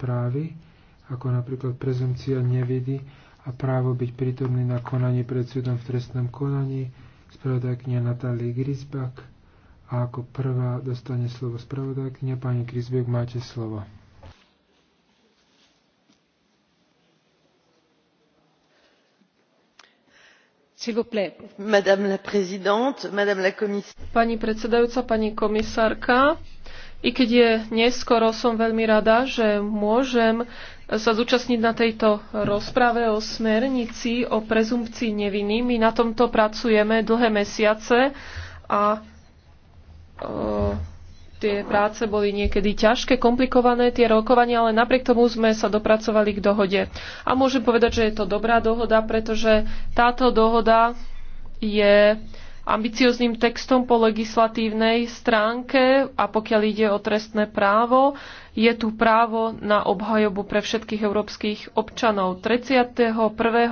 právy, ako napríklad prezumcia nevidy a právo byť prítomný na konaní pred súdom v trestnom konaní, spravodajkňa Natália Grisbak. A ako prvá dostane slovo spravodajkňa, pani Grisbak, máte slovo. pani predsedajúca pani komisárka i keď je neskoro, som veľmi rada, že môžem sa zúčastniť na tejto rozprave o smernici o prezumpcii neviny. My na tomto pracujeme dlhé mesiace a o, e, tie práce boli niekedy ťažké, komplikované tie rokovania, ale napriek tomu sme sa dopracovali k dohode. A môžem povedať, že je to dobrá dohoda, pretože táto dohoda je ambiciozným textom po legislatívnej stránke a pokiaľ ide o trestné právo, je tu právo na obhajobu pre všetkých európskych občanov. 31.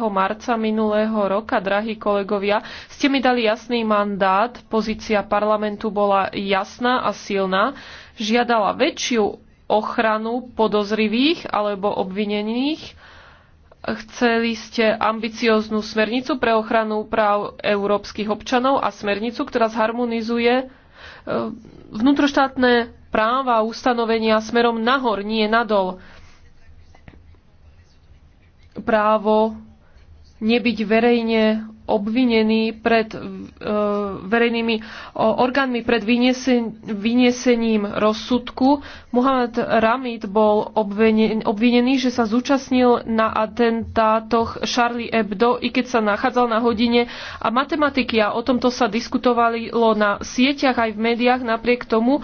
marca minulého roka, drahí kolegovia, ste mi dali jasný mandát, pozícia parlamentu bola jasná a silná, žiadala väčšiu ochranu podozrivých alebo obvinených, Chceli ste ambicióznu smernicu pre ochranu práv európskych občanov a smernicu, ktorá zharmonizuje e, vnútroštátne práva a ustanovenia smerom nahor, nie nadol. Právo nebyť verejne obvinení pred e, verejnými orgánmi pred vyniesením rozsudku. Mohamed Ramid bol obvinený, že sa zúčastnil na atentátoch Charlie Hebdo, i keď sa nachádzal na hodine a matematiky a o tomto sa diskutovalo na sieťach aj v médiách napriek tomu,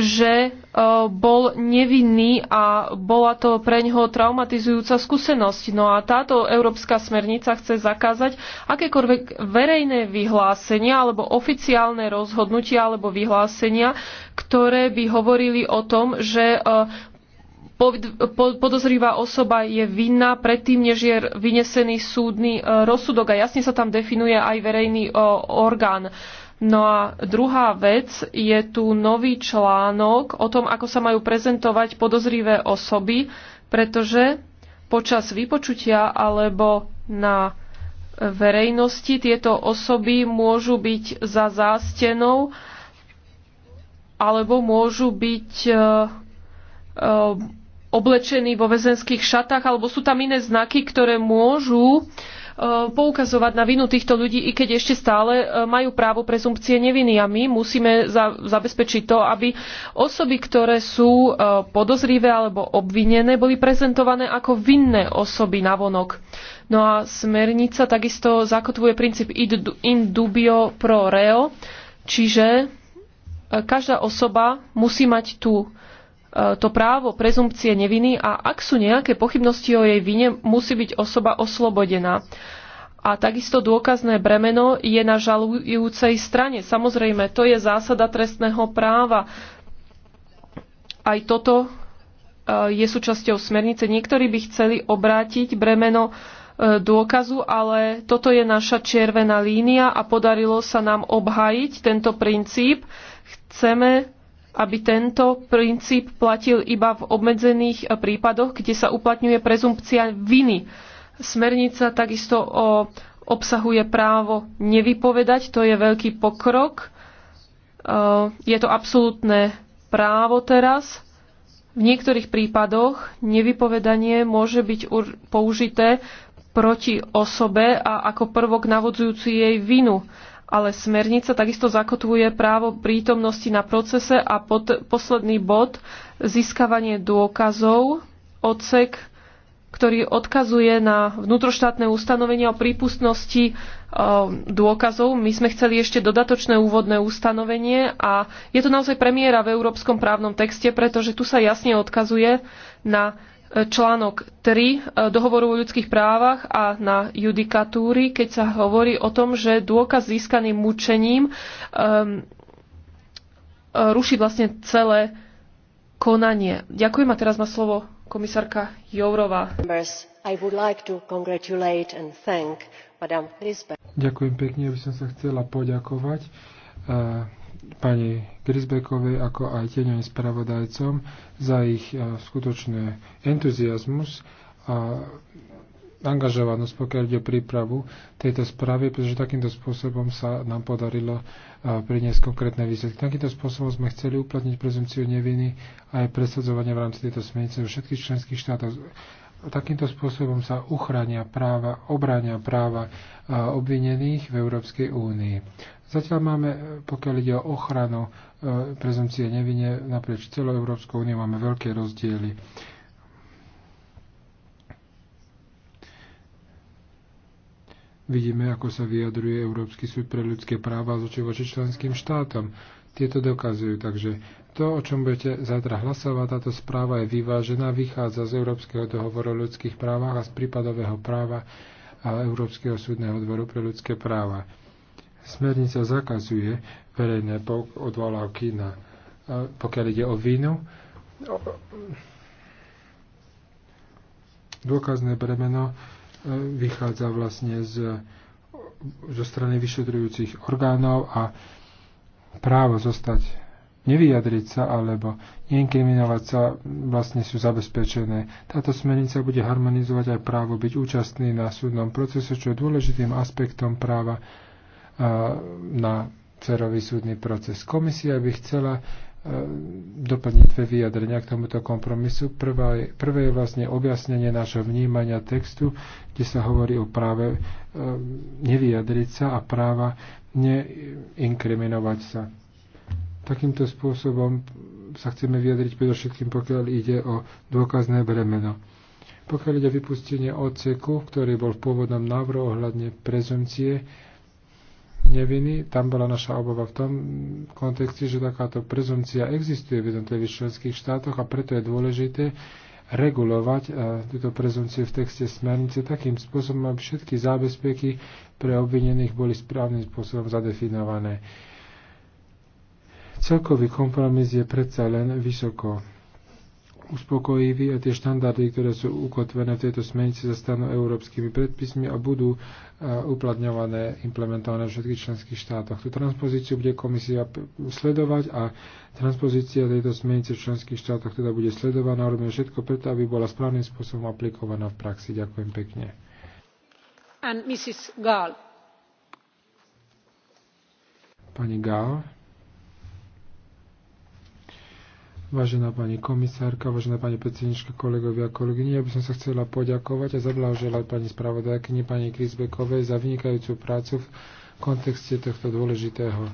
že e, bol nevinný a bola to pre ňoho traumatizujúca skúsenosť. No a táto európska smernica chce zakázať akékoľvek verejné vyhlásenia alebo oficiálne rozhodnutia alebo vyhlásenia, ktoré by hovorili o tom, že e, podozrivá osoba je vinná predtým, než je vynesený súdny e, rozsudok a jasne sa tam definuje aj verejný orgán. No a druhá vec je tu nový článok o tom, ako sa majú prezentovať podozrivé osoby, pretože počas vypočutia alebo na verejnosti tieto osoby môžu byť za zástenou alebo môžu byť e, e, oblečení vo väzenských šatách, alebo sú tam iné znaky, ktoré môžu E, poukazovať na vinu týchto ľudí, i keď ešte stále e, majú právo prezumpcie neviny. A my musíme za, zabezpečiť to, aby osoby, ktoré sú e, podozrivé alebo obvinené, boli prezentované ako vinné osoby navonok. No a smernica takisto zakotvuje princíp in dubio pro reo, čiže každá osoba musí mať tú E, to právo prezumpcie neviny a ak sú nejaké pochybnosti o jej vine, musí byť osoba oslobodená. A takisto dôkazné bremeno je na žalujúcej strane. Samozrejme, to je zásada trestného práva. Aj toto e, je súčasťou smernice. Niektorí by chceli obrátiť bremeno e, dôkazu, ale toto je naša červená línia a podarilo sa nám obhajiť tento princíp. Chceme aby tento princíp platil iba v obmedzených eh, prípadoch, kde sa uplatňuje prezumpcia viny. Smernica takisto o, eh, obsahuje právo nevypovedať, to je veľký pokrok. Eh, je to absolútne právo teraz. V niektorých prípadoch nevypovedanie môže byť použité proti osobe a ako prvok navodzujúci jej vinu ale smernica takisto zakotvuje právo prítomnosti na procese a pod, posledný bod získavanie dôkazov, odsek, ktorý odkazuje na vnútroštátne ustanovenia o prípustnosti e, dôkazov. My sme chceli ešte dodatočné úvodné ustanovenie a je to naozaj premiéra v európskom právnom texte, pretože tu sa jasne odkazuje na článok 3 e, dohovoru o ľudských právach a na judikatúry, keď sa hovorí o tom, že dôkaz získaný mučením um, ruší vlastne celé konanie. Ďakujem a teraz má slovo komisárka Jourová. Ďakujem pekne, aby som sa chcela poďakovať e, pani Grisbekovej, ako aj tieňovým spravodajcom za ich e, skutočný entuziasmus a angažovanosť, pokiaľ ide o prípravu tejto správy, pretože takýmto spôsobom sa nám podarilo e, priniesť konkrétne výsledky. Takýmto spôsobom sme chceli uplatniť prezumciu neviny a aj presadzovanie v rámci tejto smernice vo všetkých členských štátoch takýmto spôsobom sa uchránia práva, obrania práva e, obvinených v Európskej únii. Zatiaľ máme, e, pokiaľ ide o ochranu e, prezumcie nevine naprieč celou Európskou úniu máme veľké rozdiely. Vidíme, ako sa vyjadruje Európsky súd pre ľudské práva z oči voči členským štátom tieto dokazujú. Takže to, o čom budete zajtra hlasovať, táto správa je vyvážená, vychádza z Európskeho dohovoru o ľudských právach a z prípadového práva a Európskeho súdneho dvoru pre ľudské práva. Smernica zakazuje verejné odvolávky na, pokiaľ ide o vínu. Dôkazné bremeno e, vychádza vlastne z, zo strany vyšetrujúcich orgánov a právo zostať, nevyjadriť sa alebo neinkriminovať sa vlastne sú zabezpečené. Táto smernica bude harmonizovať aj právo byť účastný na súdnom procese, čo je dôležitým aspektom práva na cerový súdny proces. Komisia by chcela doplniť dve vyjadrenia k tomuto kompromisu. Prvá je, prvé je vlastne objasnenie nášho vnímania textu, kde sa hovorí o práve nevyjadriť sa a práva neinkriminovať sa. Takýmto spôsobom sa chceme vyjadriť predovšetkým, pokiaľ ide o dôkazné bremeno. Pokiaľ ide o vypustenie odseku, ktorý bol v pôvodnom návrhu ohľadne prezumcie neviny, tam bola naša obava v tom kontexte, že takáto prezumcia existuje v jednotlivých členských štátoch a preto je dôležité, regulovať e, túto prezumciu v texte smernice takým spôsobom, aby všetky zábezpeky pre obvinených boli správnym spôsobom zadefinované. Celkový kompromis je predsa len vysoko uspokojivý a tie štandardy, ktoré sú ukotvené v tejto smernici, sa stanú európskymi predpismi a budú e, uplatňované, implementované v všetkých členských štátoch. Tú transpozíciu bude komisia sledovať a transpozícia tejto smernice v členských štátoch teda bude sledovaná. Robíme všetko preto, aby bola správnym spôsobom aplikovaná v praxi. Ďakujem pekne. And Mrs. Gall. Pani Gall. Vážená pani komisárka, vážená pani predsednička, kolegovia a kolegyne, ja by som sa chcela poďakovať a zablahoželať pani spravodajkyni, pani Krisbekovej za vynikajúcu prácu v kontexte tohto dôležitého,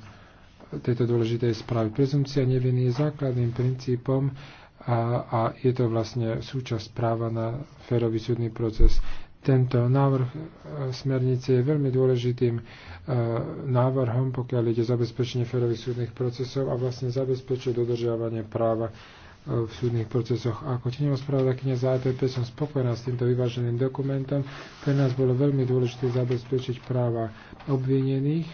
tejto dôležitej správy. Prezumcia neviny je základným princípom a, a je to vlastne súčasť práva na férový súdny proces. Tento návrh e, smernice je veľmi dôležitým e, návrhom, pokiaľ ide zabezpečenie férových súdnych procesov a vlastne zabezpečuje dodržiavanie práva e, v súdnych procesoch. ako tenová spravodajkynia za EPP som spokojná s týmto vyváženým dokumentom. Pre nás bolo veľmi dôležité zabezpečiť práva obvinených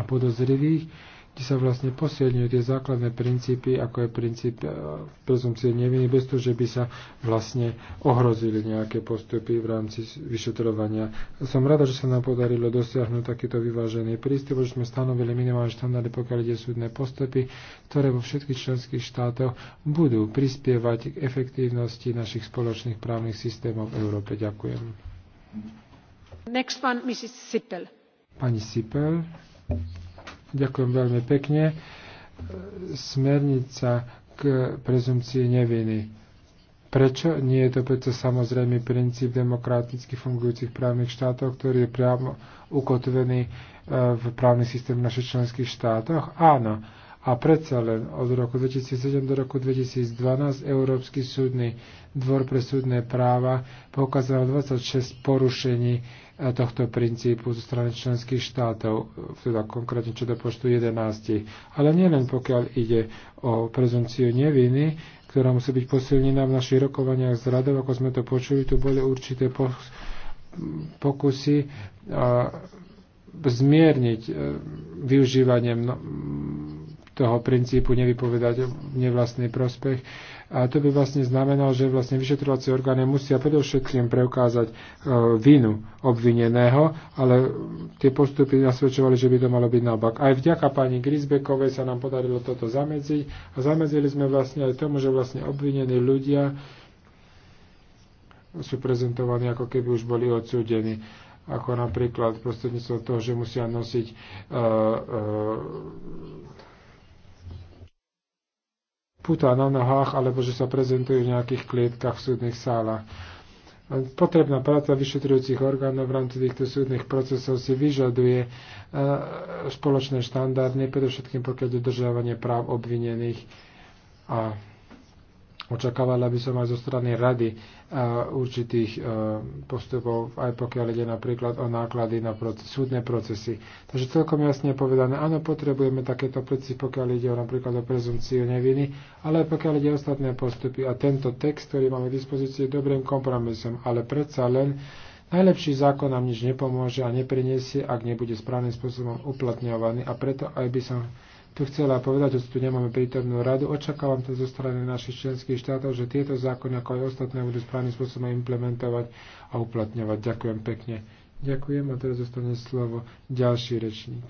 a podozrivých kde sa vlastne posilňujú tie základné princípy, ako je princíp e, prezumcie neviny, bez toho, že by sa vlastne ohrozili nejaké postupy v rámci vyšetrovania. Som rada, že sa nám podarilo dosiahnuť takýto vyvážený prístup, že sme stanovili minimálne štandardy, pokiaľ ide súdne postupy, ktoré vo všetkých členských štátoch budú prispievať k efektívnosti našich spoločných právnych systémov v Európe. Ďakujem. Next one, Mrs. Sippel. Pani Sippel. Ďakujem veľmi pekne. Smernica k prezumcii neviny. Prečo? Nie je to preto samozrejme princíp demokraticky fungujúcich právnych štátov, ktorý je priamo ukotvený e, v právny systém v našich členských štátoch? Áno. A predsa len od roku 2007 do roku 2012 Európsky súdny dvor pre súdne práva poukázal 26 porušení E, tohto princípu zo strany členských štátov, e, teda konkrétne čo do počtu 11. Ale nielen pokiaľ ide o prezumciu neviny, ktorá musí byť posilnená v našich rokovaniach s radou, ako sme to počuli, tu boli určité pokusy e, zmierniť využívanie toho princípu nevypovedať nevlastný prospech a to by vlastne znamenalo, že vlastne vyšetrovacie orgány musia predovšetkým preukázať e, vinu obvineného, ale tie postupy nasvedčovali, že by to malo byť naopak. Aj vďaka pani Grisbekovej sa nám podarilo toto zamedziť a zamedzili sme vlastne aj tomu, že vlastne obvinení ľudia sú prezentovaní ako keby už boli odsúdení ako napríklad prostredníctvom toho, že musia nosiť uh, uh, putá na nohách alebo že sa prezentujú v nejakých klietkach v súdnych sálach. Potrebná práca vyšetrujúcich orgánov v rámci týchto súdnych procesov si vyžaduje e, spoločné štandardy, predovšetkým pokiaľ dodržiavanie práv obvinených a Očakávala by som aj zo strany rady eh, určitých eh, postupov, aj pokiaľ ide napríklad o náklady na proces, súdne procesy. Takže celkom jasne je povedané, áno, potrebujeme takéto procesy, pokiaľ ide o napríklad o prezumciu neviny, ale aj pokiaľ ide o ostatné postupy. A tento text, ktorý máme k dispozícii, je dobrým kompromisom, ale predsa len Najlepší zákon nám nič nepomôže a nepriniesie, ak nebude správnym spôsobom uplatňovaný a preto aj by som tu chcela povedať, že tu nemáme prítomnú radu. Očakávam to zo strany našich členských štátov, že tieto zákony, ako aj ostatné, budú správnym spôsobom implementovať a uplatňovať. Ďakujem pekne. Ďakujem a teraz zostane slovo ďalší rečník.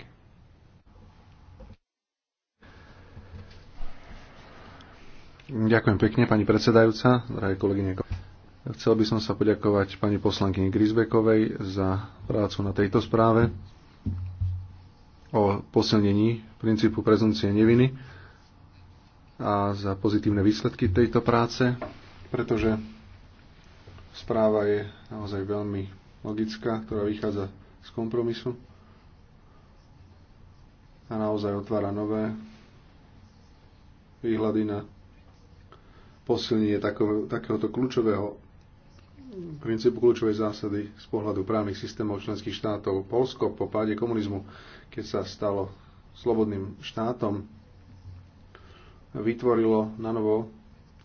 Ďakujem pekne, pani predsedajúca, drahé kolegyne. Chcel by som sa poďakovať pani poslankyni Grisbekovej za prácu na tejto správe o posilnení princípu prezumcie neviny a za pozitívne výsledky tejto práce, pretože správa je naozaj veľmi logická, ktorá vychádza z kompromisu a naozaj otvára nové výhľady na posilnenie takéhoto kľúčového princípu kľúčovej zásady z pohľadu právnych systémov členských štátov. Polsko po páde komunizmu, keď sa stalo slobodným štátom, vytvorilo na novo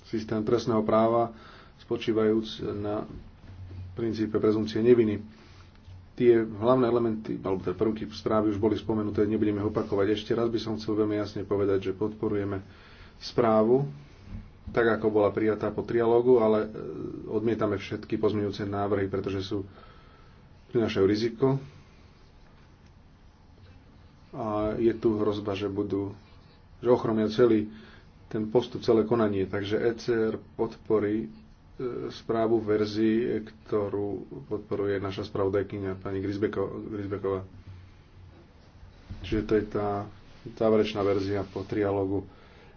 systém trestného práva spočívajúc na princípe prezumcie neviny. Tie hlavné elementy, alebo tie prvky správy už boli spomenuté, nebudeme ich opakovať. Ešte raz by som chcel veľmi jasne povedať, že podporujeme správu, tak ako bola prijatá po trialógu, ale e, odmietame všetky pozmeňujúce návrhy, pretože sú prinašajú riziko a je tu hrozba, že budú, že ochromia celý ten postup, celé konanie. Takže ECR podporí e, správu verzii, ktorú podporuje naša spravodajkynia pani Grisbeko, Grisbeková. Čiže to je tá záverečná verzia po trialogu.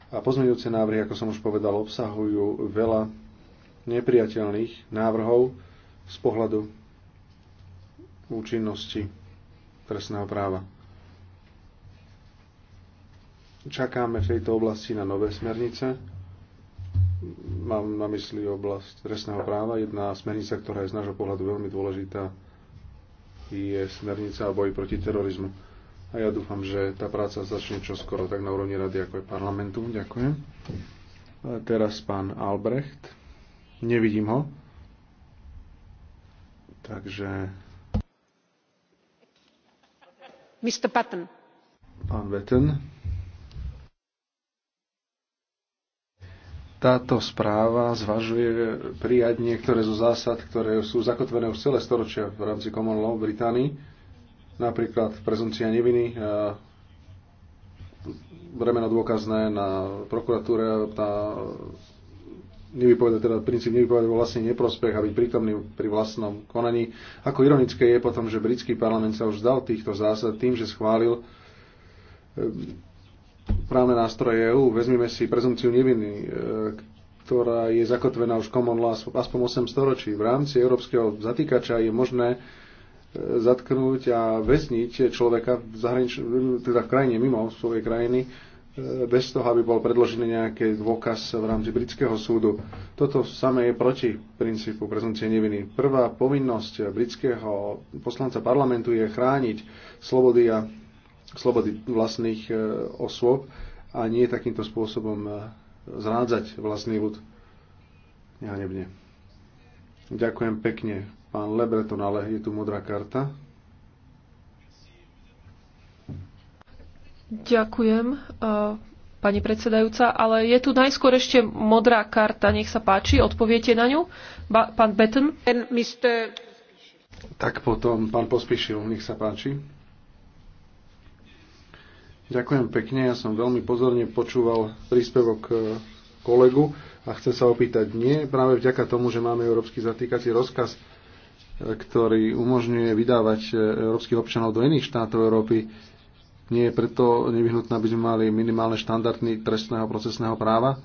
A pozmeňujúce návrhy, ako som už povedal, obsahujú veľa nepriateľných návrhov z pohľadu účinnosti trestného práva. Čakáme v tejto oblasti na nové smernice. Mám na mysli oblasť trestného práva. Jedna smernica, ktorá je z nášho pohľadu veľmi dôležitá, je smernica o boji proti terorizmu. A ja dúfam, že tá práca začne čoskoro tak na úrovni rady, ako je parlamentu. Ďakujem. A teraz pán Albrecht. Nevidím ho. Takže... Mr. Patton. Pán Vetten. Táto správa zvažuje prijať niektoré zo zásad, ktoré sú zakotvené už celé storočia v rámci common law v Británii, napríklad prezumcia neviny, bremeno dôkazné na prokuratúre, tá nevypovedať, teda princíp nevypovedať vo vlastný neprospech a byť prítomný pri vlastnom konaní. Ako ironické je potom, že britský parlament sa už vzdal týchto zásad tým, že schválil právne nástroje EÚ. Vezmeme si prezumciu neviny, e, ktorá je zakotvená už common law aspoň 8 storočí. V rámci európskeho zatýkača je možné e, zatknúť a väzniť človeka v, zahranič- teda v krajine mimo svojej krajiny e, bez toho, aby bol predložený nejaký dôkaz v rámci britského súdu. Toto samé je proti princípu prezumcie neviny. Prvá povinnosť britského poslanca parlamentu je chrániť slobody a slobody vlastných e, osôb a nie takýmto spôsobom e, zrádzať vlastný ľud nebne. Ďakujem pekne, pán Lebreton, ale je tu modrá karta. Ďakujem, e, pani predsedajúca, ale je tu najskôr ešte modrá karta, nech sa páči, odpoviete na ňu, ba, pán Betten. Tak potom, pán Pospišil, nech sa páči. Ďakujem pekne, ja som veľmi pozorne počúval príspevok e, kolegu a chcem sa opýtať, nie práve vďaka tomu, že máme európsky zatýkací rozkaz, e, ktorý umožňuje vydávať e, európskych občanov do iných štátov Európy, nie je preto nevyhnutné, aby sme mali minimálne štandardný trestného procesného práva?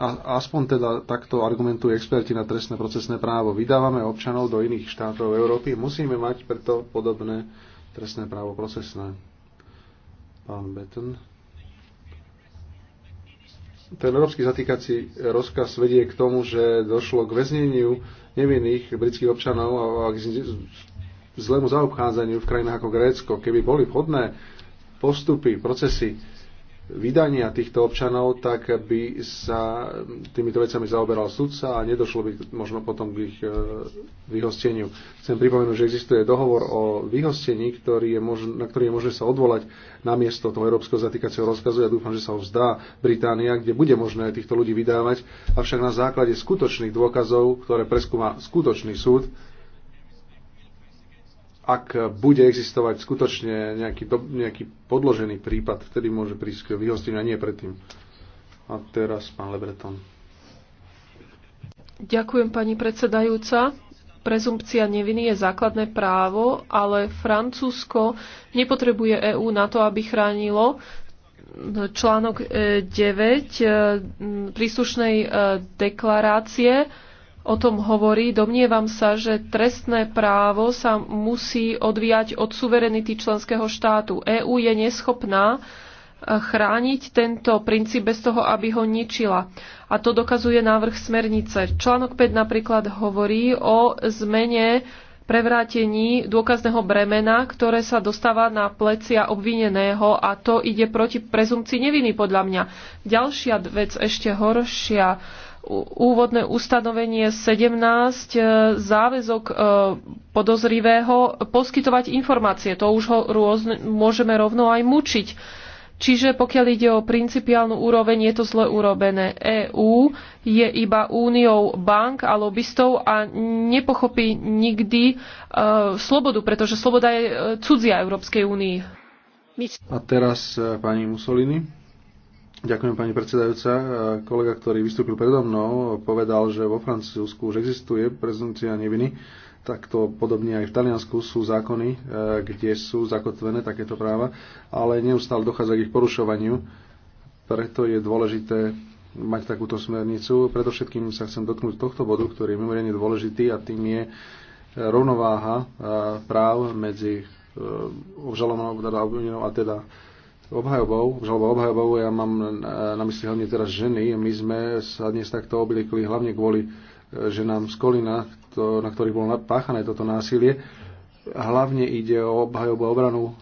A aspoň teda takto argumentujú experti na trestné procesné právo. Vydávame občanov do iných štátov Európy, musíme mať preto podobné trestné právo procesné. Pán Betten. Ten európsky zatýkací rozkaz vedie k tomu, že došlo k väzneniu nevinných britských občanov a k zlému zaobchádzaniu v krajinách ako Grécko. Keby boli vhodné postupy, procesy, vydania týchto občanov, tak by sa týmito vecami zaoberal sudca a nedošlo by možno potom k ich e, vyhosteniu. Chcem pripomenúť, že existuje dohovor o vyhostení, ktorý je mož- na ktorý je možné sa odvolať na miesto toho európskeho zatýkacieho rozkazu. Ja dúfam, že sa ho vzdá Británia, kde bude možné týchto ľudí vydávať, avšak na základe skutočných dôkazov, ktoré preskúma skutočný súd, ak bude existovať skutočne nejaký, do, nejaký podložený prípad, vtedy môže prísť k vyhosteniu a nie predtým. A teraz pán Lebreton. Ďakujem pani predsedajúca. Prezumpcia neviny je základné právo, ale Francúzsko nepotrebuje EÚ na to, aby chránilo článok 9 e, e, príslušnej e, deklarácie o tom hovorí. Domnievam sa, že trestné právo sa musí odvíjať od suverenity členského štátu. EÚ je neschopná eh, chrániť tento princíp bez toho, aby ho ničila. A to dokazuje návrh smernice. Článok 5 napríklad hovorí o zmene prevrátení dôkazného bremena, ktoré sa dostáva na plecia obvineného a to ide proti prezumcii neviny podľa mňa. Ďalšia vec ešte horšia úvodné ustanovenie 17 e, záväzok e, podozrivého poskytovať informácie. To už ho rôzne, môžeme rovno aj mučiť. Čiže pokiaľ ide o principiálnu úroveň, je to zle urobené. EÚ je iba úniou bank a lobbystov a nepochopí nikdy e, slobodu, pretože sloboda je e, cudzia Európskej únii. A teraz pani Mussolini. Ďakujem pani predsedajúca. Kolega, ktorý vystúpil predo mnou, povedal, že vo Francúzsku už existuje prezumcia neviny. Takto podobne aj v Taliansku sú zákony, eh, kde sú zakotvené takéto práva, ale neustále dochádza k ich porušovaniu. Preto je dôležité mať takúto smernicu. Predovšetkým sa chcem dotknúť tohto bodu, ktorý je mimoriadne dôležitý a tým je eh, rovnováha eh, práv medzi obžalovanou a teda obhajobou, žaloba obhajobou, ja mám na mysli hlavne teraz ženy, my sme sa dnes takto obliekli hlavne kvôli e, ženám z Kolina, na ktorých bolo napáchané toto násilie. Hlavne ide o obhajobu a obranu e,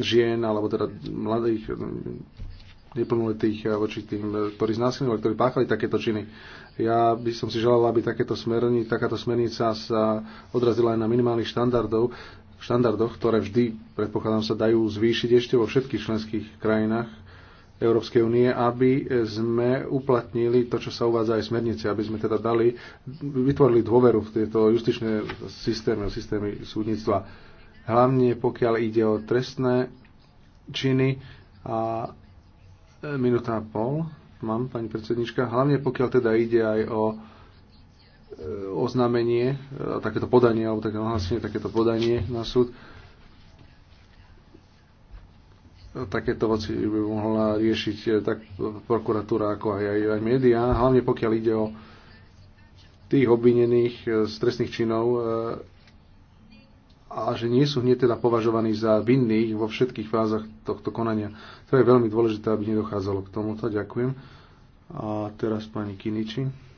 žien, alebo teda mladých e, neplnuletých voči tým, ktorí znásilňovali, ktorí páchali takéto činy. Ja by som si želal, aby takéto smerni, takáto smernica sa odrazila aj na minimálnych štandardov, štandardoch, ktoré vždy, predpokladám, sa dajú zvýšiť ešte vo všetkých členských krajinách Európskej únie, aby sme uplatnili to, čo sa uvádza aj smernice, aby sme teda dali, vytvorili dôveru v tieto justičné systémy, systémy súdnictva. Hlavne pokiaľ ide o trestné činy a e, minúta a pol mám, pani predsednička, hlavne pokiaľ teda ide aj o E, oznámenie, takéto podanie, alebo také nahlásenie, takéto podanie na súd, takéto veci by mohla riešiť e, tak prokuratúra ako aj, aj, aj médiá, hlavne pokiaľ ide o tých obvinených e, z trestných činov a že nie sú hneď teda považovaní za vinných vo všetkých fázach tohto konania. To je veľmi dôležité, aby nedochádzalo k tomuto. Ďakujem. A teraz pani Kiniči.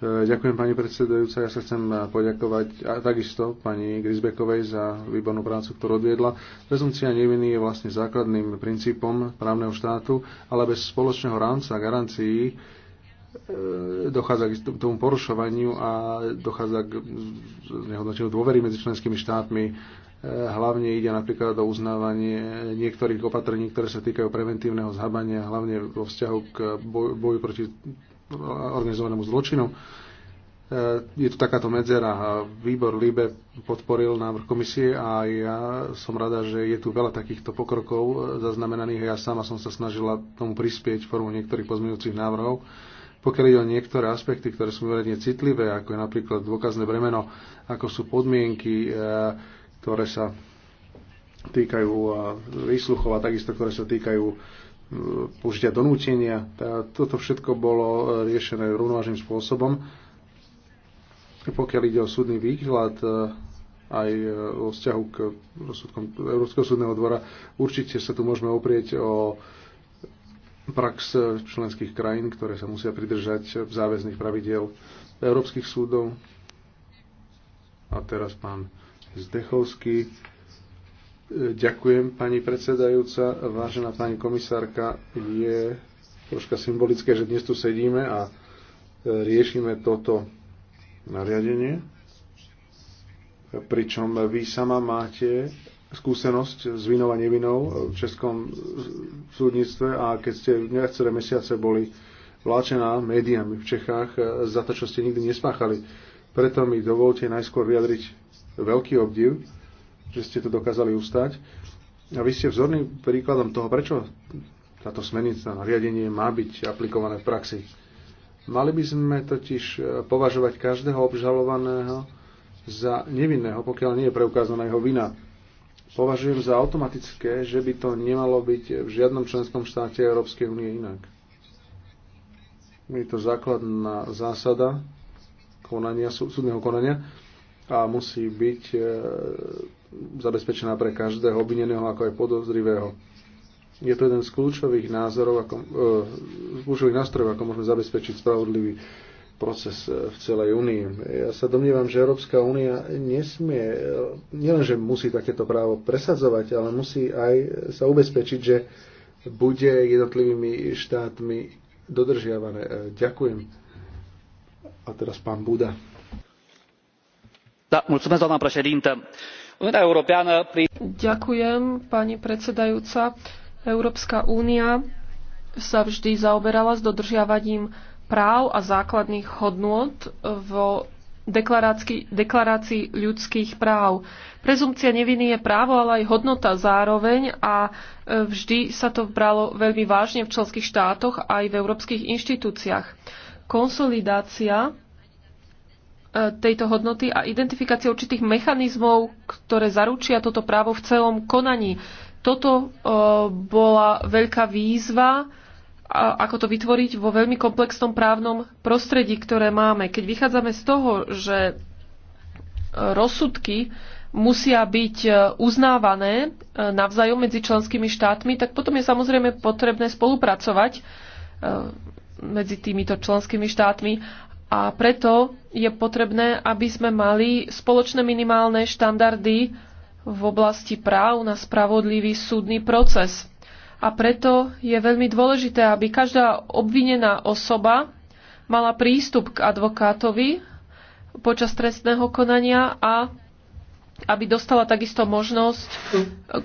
Ďakujem pani predsedajúca, ja sa chcem poďakovať a takisto pani Grisbekovej za výbornú prácu, ktorú odviedla. Prezumcia neviny je vlastne základným princípom právneho štátu, ale bez spoločného rámca garancií e, dochádza k tomu porušovaniu a dochádza k nehodnoteniu dôvery medzi členskými štátmi. E, hlavne ide napríklad o uznávanie niektorých opatrení, ktoré sa týkajú preventívneho zhabania, hlavne vo vzťahu k boju proti organizovanému zločinu. E, je tu takáto medzera. Výbor Libe podporil návrh komisie a ja som rada, že je tu veľa takýchto pokrokov zaznamenaných. Ja sama som sa snažila tomu prispieť formou niektorých pozmeňujúcich návrhov. Pokiaľ ide o niektoré aspekty, ktoré sú veľmi citlivé, ako je napríklad dôkazné bremeno, ako sú podmienky, e, ktoré sa týkajú výsluchov a takisto, ktoré sa týkajú E, použitia donútenia. Toto všetko bolo e, riešené rovnovážnym spôsobom. Pokiaľ ide o súdny výhľad e, aj o vzťahu k rozsudkom Európskeho súdneho dvora, určite sa tu môžeme oprieť o prax členských krajín, ktoré sa musia pridržať v záväzných pravidiel európskych súdov. A teraz pán Zdechovský. Ďakujem, pani predsedajúca. Vážená pani komisárka, je troška symbolické, že dnes tu sedíme a e, riešime toto nariadenie, pričom vy sama máte skúsenosť s vinou a nevinou v českom súdnictve a keď ste niektoré mesiace boli vláčená médiami v Čechách e, za to, čo ste nikdy nespáchali. Preto mi dovolte najskôr vyjadriť veľký obdiv že ste to dokázali ustať. A vy ste vzorným príkladom toho, prečo táto smernica, riadenie má byť aplikované v praxi. Mali by sme totiž e, považovať každého obžalovaného za nevinného, pokiaľ nie je preukázaná jeho vina. Považujem za automatické, že by to nemalo byť v žiadnom členskom štáte Európskej únie inak. Je to základná zásada konania, súdneho konania a musí byť e, zabezpečená pre každého obvineného ako aj podozrivého. Je to jeden z kľúčových názorov, ako, e, kľúčových nástrojov, ako môžeme zabezpečiť spravodlivý proces e, v celej únii. Ja sa domnievam, že Európska únia nesmie, e, nielenže musí takéto právo presadzovať, ale musí aj sa ubezpečiť, že bude jednotlivými štátmi dodržiavané. E, ďakujem. A teraz pán Buda. Da, mulțumesc, doamna președintă Ďakujem, pani predsedajúca. Európska únia sa vždy zaoberala s dodržiavaním práv a základných hodnôt v deklarácii, deklarácii ľudských práv. Prezumcia neviny je právo, ale aj hodnota zároveň a e, vždy sa to bralo veľmi vážne v členských štátoch aj v európskych inštitúciách. Konsolidácia tejto hodnoty a identifikácia určitých mechanizmov, ktoré zaručia toto právo v celom konaní. Toto e, bola veľká výzva, ako to vytvoriť vo veľmi komplexnom právnom prostredí, ktoré máme. Keď vychádzame z toho, že e, rozsudky musia byť e, uznávané navzájom medzi členskými štátmi, tak potom je samozrejme potrebné spolupracovať medzi týmito členskými štátmi a preto je potrebné, aby sme mali spoločné minimálne štandardy v oblasti práv na spravodlivý súdny proces. A preto je veľmi dôležité, aby každá obvinená osoba mala prístup k advokátovi počas trestného konania a aby dostala takisto možnosť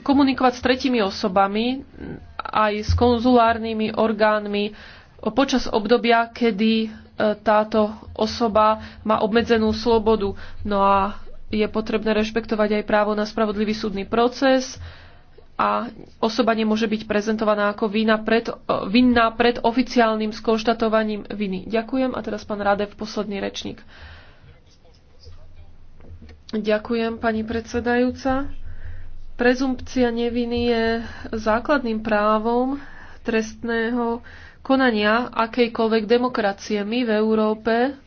komunikovať s tretimi osobami aj s konzulárnymi orgánmi počas obdobia, kedy E, táto osoba má obmedzenú slobodu. No a je potrebné rešpektovať aj právo na spravodlivý súdny proces a osoba nemôže byť prezentovaná ako vina pred, e, vinná pred oficiálnym skonštatovaním viny. Ďakujem. A teraz pán Radev, posledný rečník. Ďakujem, pani predsedajúca. Prezumpcia neviny je základným právom trestného konania akejkoľvek demokracie. My v Európe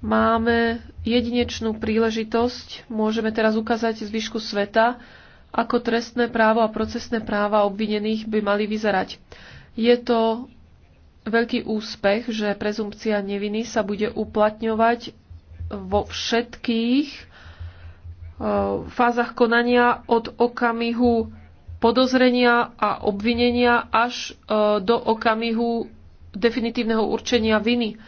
máme jedinečnú príležitosť, môžeme teraz ukázať zvyšku sveta, ako trestné právo a procesné práva obvinených by mali vyzerať. Je to veľký úspech, že prezumpcia neviny sa bude uplatňovať vo všetkých eh, fázach konania od okamihu podozrenia a obvinenia až e, do okamihu definitívneho určenia viny.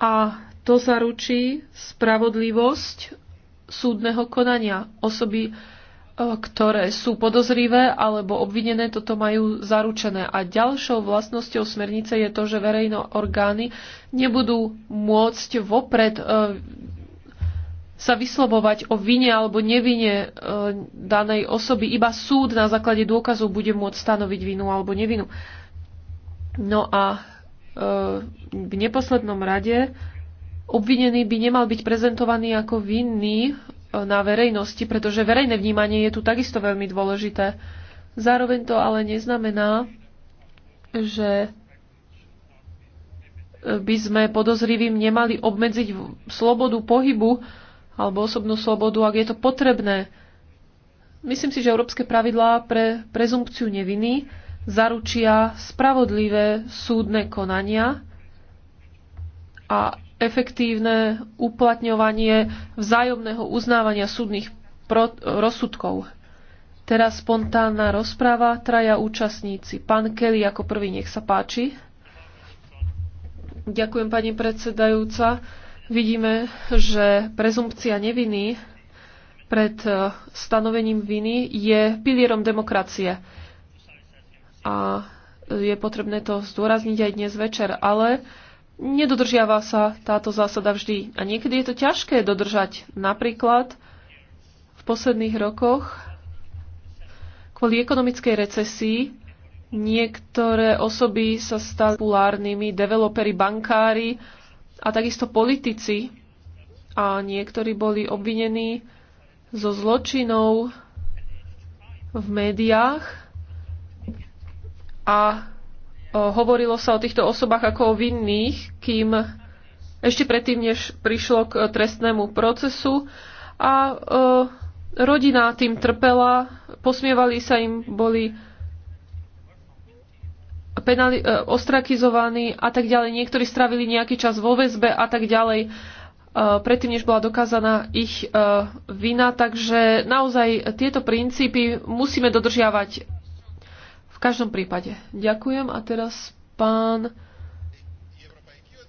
A to zaručí spravodlivosť súdneho konania. Osoby, e, ktoré sú podozrivé alebo obvinené, toto majú zaručené. A ďalšou vlastnosťou smernice je to, že verejné orgány nebudú môcť vopred e, sa vyslobovať o vine alebo nevine e, danej osoby. Iba súd na základe dôkazov bude môcť stanoviť vinu alebo nevinu. No a e, v neposlednom rade obvinený by nemal byť prezentovaný ako vinný e, na verejnosti, pretože verejné vnímanie je tu takisto veľmi dôležité. Zároveň to ale neznamená, že by sme podozrivým nemali obmedziť slobodu pohybu, alebo osobnú slobodu, ak je to potrebné. Myslím si, že európske pravidlá pre prezumpciu neviny zaručia spravodlivé súdne konania a efektívne uplatňovanie vzájomného uznávania súdnych rozsudkov. Teraz spontánna rozpráva, traja účastníci. Pán Kelly ako prvý, nech sa páči. Ďakujem, pani predsedajúca vidíme, že prezumpcia neviny pred eh, stanovením viny je pilierom demokracie. A je potrebné to zdôrazniť aj dnes večer, ale nedodržiava sa táto zásada vždy. A niekedy je to ťažké dodržať. Napríklad v posledných rokoch kvôli ekonomickej recesii niektoré osoby sa stali populárnymi, developeri, bankári, a takisto politici a niektorí boli obvinení zo zločinov v médiách a hovorilo sa o týchto osobách ako o vinných, kým ešte predtým, než prišlo k trestnému procesu a rodina tým trpela, posmievali sa im, boli penali, e, ostrakizovaní a tak ďalej. Niektorí strávili nejaký čas vo väzbe a tak ďalej e, predtým, než bola dokázaná ich e, vina. Takže naozaj tieto princípy musíme dodržiavať v každom prípade. Ďakujem a teraz pán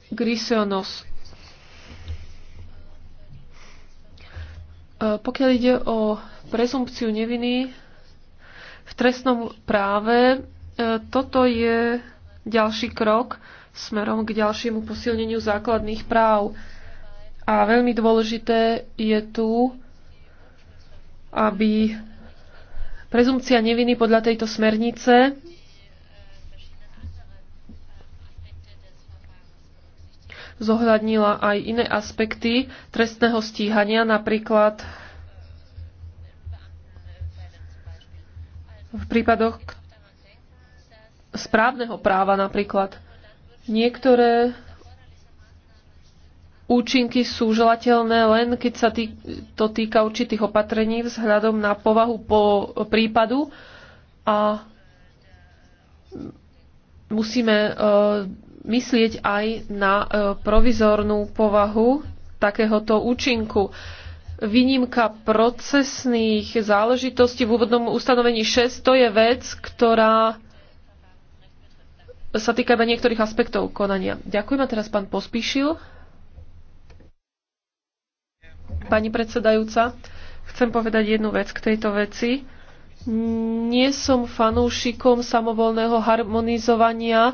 Grisionos. Pokiaľ ide o prezumpciu neviny v trestnom práve, E, toto je ďalší krok smerom k ďalšiemu posilneniu základných práv. A veľmi dôležité je tu, aby prezumcia neviny podľa tejto smernice zohľadnila aj iné aspekty trestného stíhania, napríklad v prípadoch, správneho práva napríklad. Niektoré účinky sú želateľné len, keď sa tý, to týka určitých opatrení vzhľadom na povahu po prípadu a musíme uh, myslieť aj na uh, provizornú povahu takéhoto účinku. Výnimka procesných záležitostí v úvodnom ustanovení 6 to je vec, ktorá sa týka iba niektorých aspektov konania. Ďakujem a teraz pán Pospíšil. Pani predsedajúca, chcem povedať jednu vec k tejto veci. Nie som fanúšikom samovolného harmonizovania e,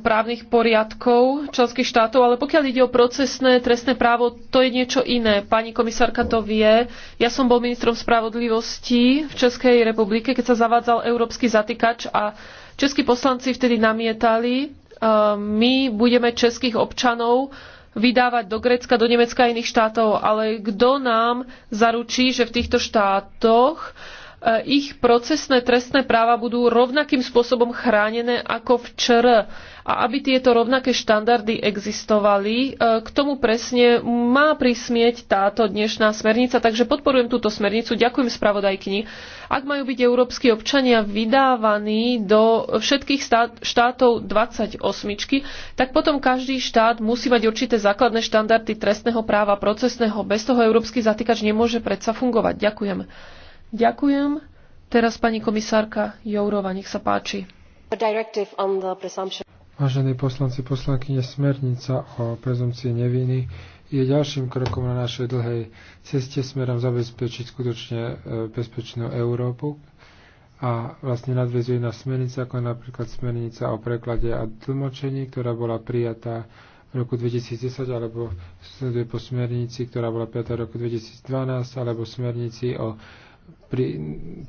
právnych poriadkov členských štátov, ale pokiaľ ide o procesné trestné právo, to je niečo iné. Pani komisárka to vie. Ja som bol ministrom spravodlivosti v Českej republike, keď sa zavádzal európsky zatýkač a Českí poslanci vtedy namietali, e, my budeme českých občanov vydávať do Grécka, do Nemecka a iných štátov, ale kto nám zaručí, že v týchto štátoch e, ich procesné trestné práva budú rovnakým spôsobom chránené ako v ČR. A aby tieto rovnaké štandardy existovali, e, k tomu presne má prismieť táto dnešná smernica, takže podporujem túto smernicu, ďakujem spravodajkyni. Ak majú byť európsky občania vydávaní do všetkých štátov 28, tak potom každý štát musí mať určité základné štandardy trestného práva, procesného. Bez toho európsky zatýkač nemôže predsa fungovať. Ďakujem. Ďakujem. Teraz pani komisárka Jourova, nech sa páči. Vážení poslanci, poslankyne, smernica o prezumcii neviny je ďalším krokom na našej dlhej ceste smerom zabezpečiť skutočne e, bezpečnú Európu a vlastne nadvezuje na smernica, ako napríklad smernica o preklade a tlmočení, ktorá bola prijatá v roku 2010 alebo sleduje po smernici, ktorá bola prijatá v roku 2012 alebo smernici o pri,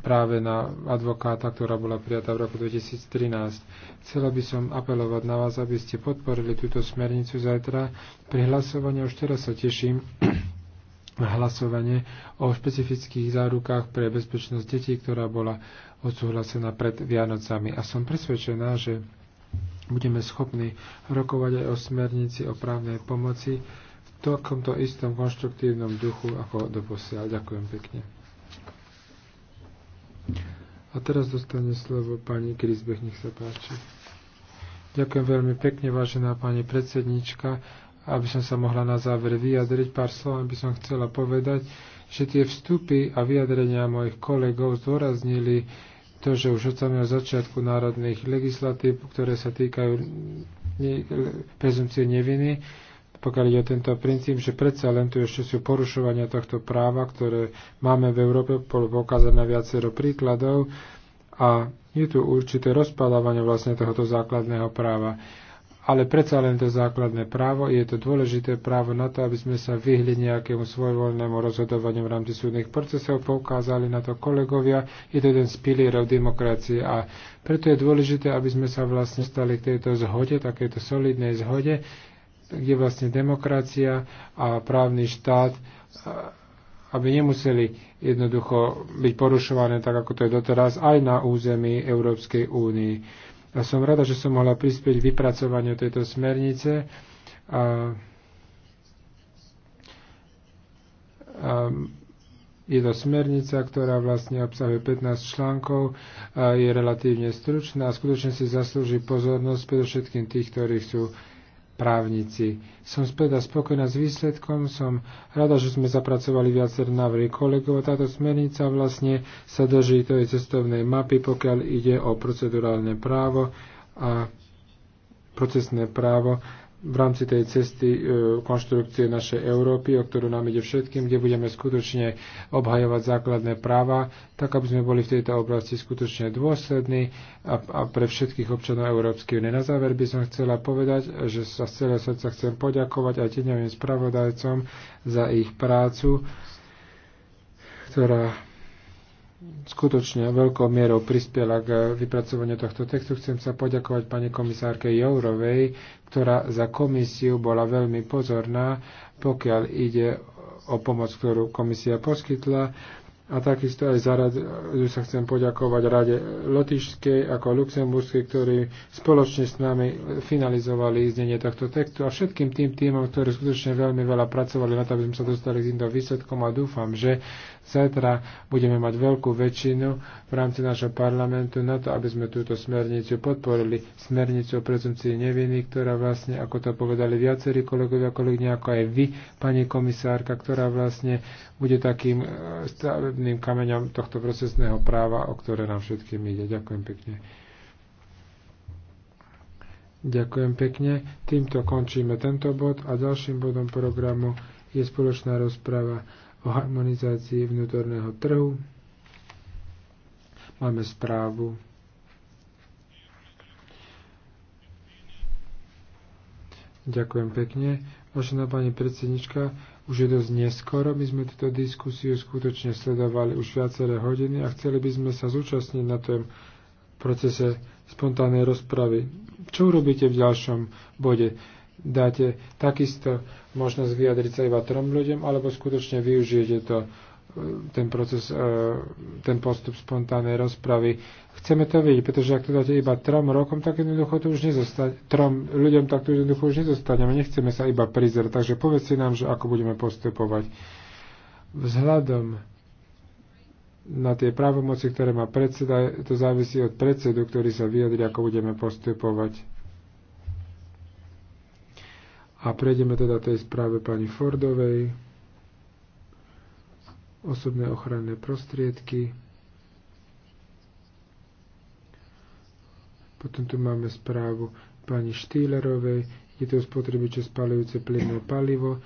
práve na advokáta, ktorá bola prijatá v roku 2013. Chcela by som apelovať na vás, aby ste podporili túto smernicu zajtra. Pri hlasovaní už teraz sa teším na hlasovanie o špecifických zárukách pre bezpečnosť detí, ktorá bola odsúhlasená pred Vianocami. A som presvedčená, že budeme schopní rokovať aj o smernici o právnej pomoci v takomto istom konštruktívnom duchu ako doposiaľ. Ďakujem pekne. A teraz dostane slovo pani Grisbech, nech sa páči. Ďakujem veľmi pekne, vážená pani predsednička. Aby som sa mohla na záver vyjadriť pár slov, by som chcela povedať, že tie vstupy a vyjadrenia mojich kolegov zdôraznili to, že už od samého začiatku národných legislatív, ktoré sa týkajú prezumcie neviny, pokiaľ ide o tento princíp, že predsa len tu ešte sú porušovania tohto práva, ktoré máme v Európe, bolo pokázané viacero príkladov a je tu určité rozpadávanie vlastne tohoto základného práva. Ale predsa len to základné právo, je to dôležité právo na to, aby sme sa vyhli nejakému svojvoľnému rozhodovaniu v rámci súdnych procesov, poukázali na to kolegovia, je to jeden z pilierov demokracie a preto je dôležité, aby sme sa vlastne stali k tejto zhode, takéto solidnej zhode, kde vlastne demokracia a právny štát, aby nemuseli jednoducho byť porušované tak, ako to je doteraz, aj na území Európskej únii. A som rada, že som mohla prispieť k vypracovaniu tejto smernice. A, a, je to smernica, ktorá vlastne obsahuje 15 článkov, a je relatívne stručná a skutočne si zaslúži pozornosť predovšetkým tých, ktorí chcú právnici. Som späť spokojná s výsledkom, som rada, že sme zapracovali viacer návrhy kolegov. Táto smernica vlastne sa drží tej cestovnej mapy, pokiaľ ide o procedurálne právo a procesné právo v rámci tej cesty e, konštrukcie našej Európy, o ktorú nám ide všetkým, kde budeme skutočne obhajovať základné práva, tak aby sme boli v tejto oblasti skutočne dôslední a, a pre všetkých občanov Európskej únie. Na záver by som chcela povedať, že sa z celého srdca chcem poďakovať aj tieňovým spravodajcom za ich prácu, ktorá skutočne veľkou mierou prispiela k vypracovaniu tohto textu. Chcem sa poďakovať pani komisárke Jourovej, ktorá za komisiu bola veľmi pozorná, pokiaľ ide o pomoc, ktorú komisia poskytla. A takisto aj zaraz sa chcem poďakovať Rade Lotyšskej ako Luxemburskej, ktorí spoločne s nami finalizovali znenie tohto textu a všetkým tým týmom, ktorí skutočne veľmi veľa pracovali na to, aby sme sa dostali k týmto výsledkom a dúfam, že Zajtra budeme mať veľkú väčšinu v rámci nášho parlamentu na to, aby sme túto smernicu podporili, smernicu o prezumcii neviny, ktorá vlastne, ako to povedali viacerí kolegovia, kolegyne, ako aj vy, pani komisárka, ktorá vlastne bude takým e, stavebným kameňom tohto procesného práva, o ktoré nám všetkým ide. Ďakujem pekne. Ďakujem pekne. Týmto končíme tento bod a ďalším bodom programu je spoločná rozprava o harmonizácii vnútorného trhu. Máme správu Ďakujem pekne. Vážená pani predsednička, už je dosť neskoro. My sme túto diskusiu skutočne sledovali už viaceré hodiny a chceli by sme sa zúčastniť na tom procese spontánnej rozpravy. Čo urobíte v ďalšom bode? dáte takisto možnosť vyjadriť sa iba trom ľuďom, alebo skutočne využijete to, e, ten proces, e, ten postup spontánnej rozpravy. Chceme to vidieť, pretože ak to dáte iba trom rokom, tak jednoducho to už nezostane. Trom ľuďom tak to jednoducho už nezostaneme. Nechceme sa iba prizerať. Takže povedzte nám, že ako budeme postupovať. Vzhľadom na tie právomoci, ktoré má predseda, to závisí od predsedu, ktorý sa vyjadri, ako budeme postupovať. A prejdeme teda tej správe pani Fordovej. Osobné ochranné prostriedky. Potom tu máme správu pani Štýlerovej. Je to spotrebiče spalujúce plynné palivo.